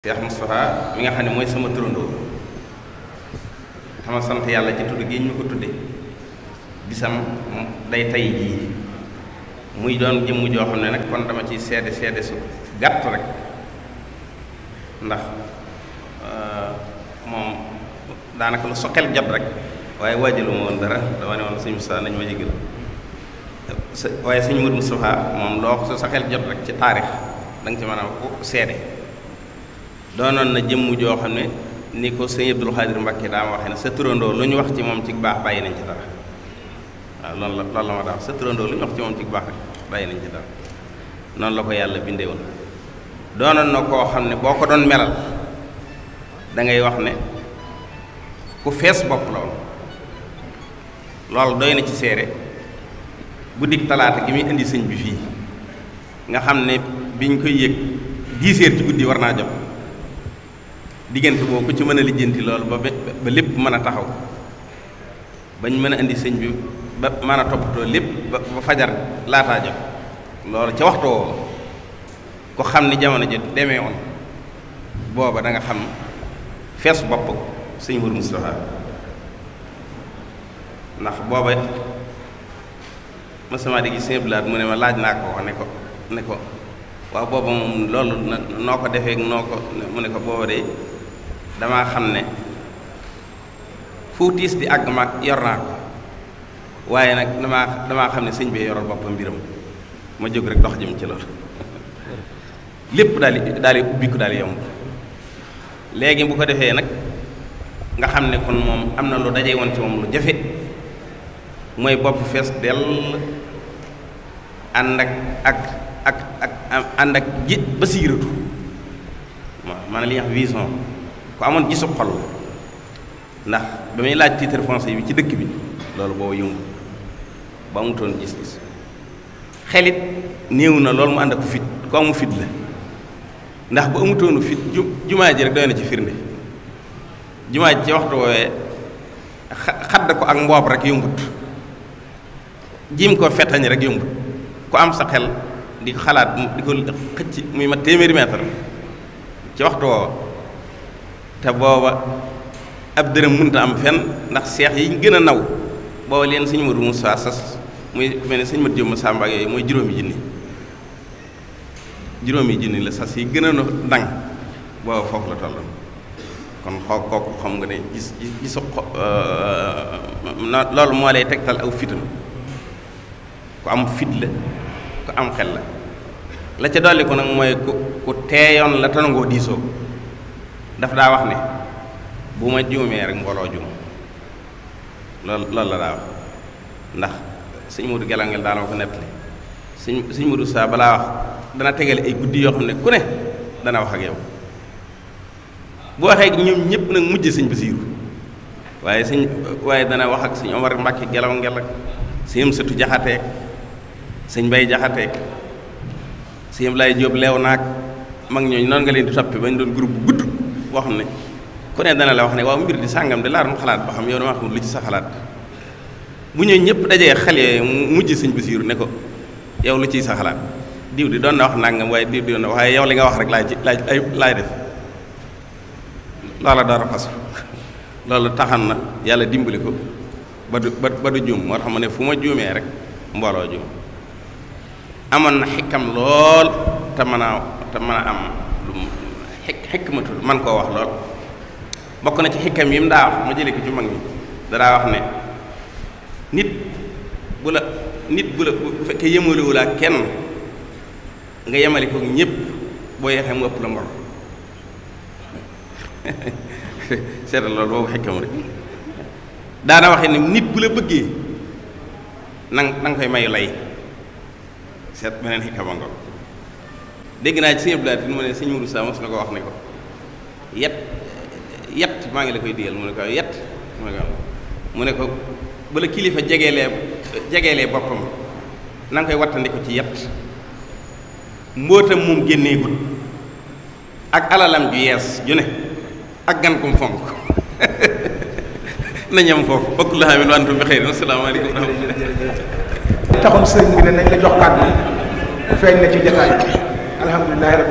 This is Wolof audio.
Cheikh Moustapha mi nga xam ne sama turandoo xama sant yàlla ci tudd gi ñu ko bisam day tay jii muy doon jëmm joo xam ne kon dama ci seede seede su gàtt rek ndax eh, moom daanaka lu soxel jot rek waaye waajalu ma woon dara dama ne woon sëñ Moustapha nañu ma jégal rek ci ci doonoon na jëmm joo xam ne ni ko sëñ Abdul Xaadir Mbàkke daa ma waxee ne sa turandoo lu ñu wax ci moom ci baax bàyyi nañ ci dara waaw loolu la loolu la ma daa sa turandoo lu ñu wax ci moom ci baax rek bàyyi nañ ci dara noonu la ko yàlla bindee woon doonoon na koo xam ne boo ko doon melal dangay wax ne ku fees bopp la woon loolu doy na ci seere guddik talaata gi muy indi sëñ bi fii nga xam ne biñ koy yëg dix heures ci guddi war naa jot diggante boobu ku ci mën a lijjanti loolu ba ba lépp mën a taxaw bañ mën a indi sëñ bi ba mën a toppatoo lépp ba fajar laataa jot loolu ca waxtu woowu ku xam ni jamono ji demee woon booba danga xam fees bopp sëñ Mourou Moustapha ndax booba mosuma di gis sëñ mu ne ma laaj naa ko ne ko ne ko waaw booba moom loolu noo ko defee noo ko mu ne ko booba de damaa xam ne fu tiis di àgg ma yor naa ko waaye nag damaa damaa xam ne sëñ bee yoral boppam mbiram ma jóg rek dox jëm ci loolu lépp daal di daal di daal di léegi bu ko defee nag nga xam ne kon moom am na lu daje woon ci moom lu jafe mooy bopp fees dell ànd ak ak ak ak ànd ak ji ba siiratu waaw maanaam li ñuy vision ku amoon gisu xol ndax ba muy laaj titre foncier bi ci dëkk bi loolu boobu yëngu ba amutoon gis-gis xelit néew na loolu mu ànd ak fit ku amu fit la ndax bu amutoonu fit jumaa ji rek doy na ci firnde jumaa ji ci waxtu woowee xadd ko ak mboob rek yombut jiim ko fetañ rek yombut ku am sa xel di xalaat di ko xëcc muy ma téeméeri mètre ci waxtu woowa te booba ab dërëm mënta am fenn ndax seex yi gën a naw booba leen sëñ Modou Moussa sas muy mel ne sëñ Modou Diop Moussa yooyu mooy juróomi junni juróomi junni la sas yi gën a dang booba foofu la tolloon kon xoo kooku xam nga ne gis gisu euh, loolu moo lay tegtal aw fitam ku am fit la ku am xel la la ca dolli ko nag mooy ku ku teeyoon la tanangoo diisoo daf daa wax ne bu ma juumee rek mbooloo juum loolu loolu la daa wax ndax sëñ Modou Gelangel daal ma ko nettali sëñ sëñ Modou saa balaa wax dana tegale ay guddi yoo xam ne ku ne dana wax ak yow bu waxee ñoom ñëpp nag mujj sëñ Basiiru waaye sëñ waaye dana wax ak sëñ Omar Mbàkke Gelangel ak sëñ Sëtu Jaxateek sëñ Bay Jaxateek sëñ Laay Jóob leew naag mag ñooñu noonu nga leen di toppe bañ doon groupe boo xam ne ku ne dana la wax ne waaw mbir di sàngam di laar mu xalaat ba xam yow dama xam lu ci sa xalaat bu ñëw ñëpp dajee xel yooyu mujj sëñ Basiiru ne ko yow lu ciy sa xalaat diw di doon na wax nangam waaye diw di doon na waaye yow li nga wax rek laay ci laay ay laay def loola dara fas loolu taxan na yàlla dimbali ko ba du ba du juum moo tax ma ne fu ma juumee rek mbooloo juum amoon na xikkam lool te mën a te mën a am xikmatul man koo wax lool bokk na ci xikam yi mu daa wax ma jëlee ko ci mag ñi dadaa wax ne nit bu la nit bu la bu fekkee yemalewu laa kenn nga yemale ko ñëpp boo yeexee mu ëpp la mbor seetal loolu boobu xikam rek daana waxee ne nit bu la bëggee nang nang koy mayu lay seet beneen xikama ngoog dégg naa ci sëñ Abdoulaye mu ne sëñ Mourou Sa mos na ko wax ne ko yet yet maa ngi la koy digal mu ne ko yet mu ne ko bala kilifa jegeelee jegeelee boppam na nga koy wattandiku ci yet mbóotam moom génneegut ak alalam ju yees ju ne ak gan kum fonk na foofu bokk la xam ne antum bi xëy na asalaamaaleykum taxam sëriñ bi ne nañ la jox kàddu feeñ na ci jotaay الحمد لله رب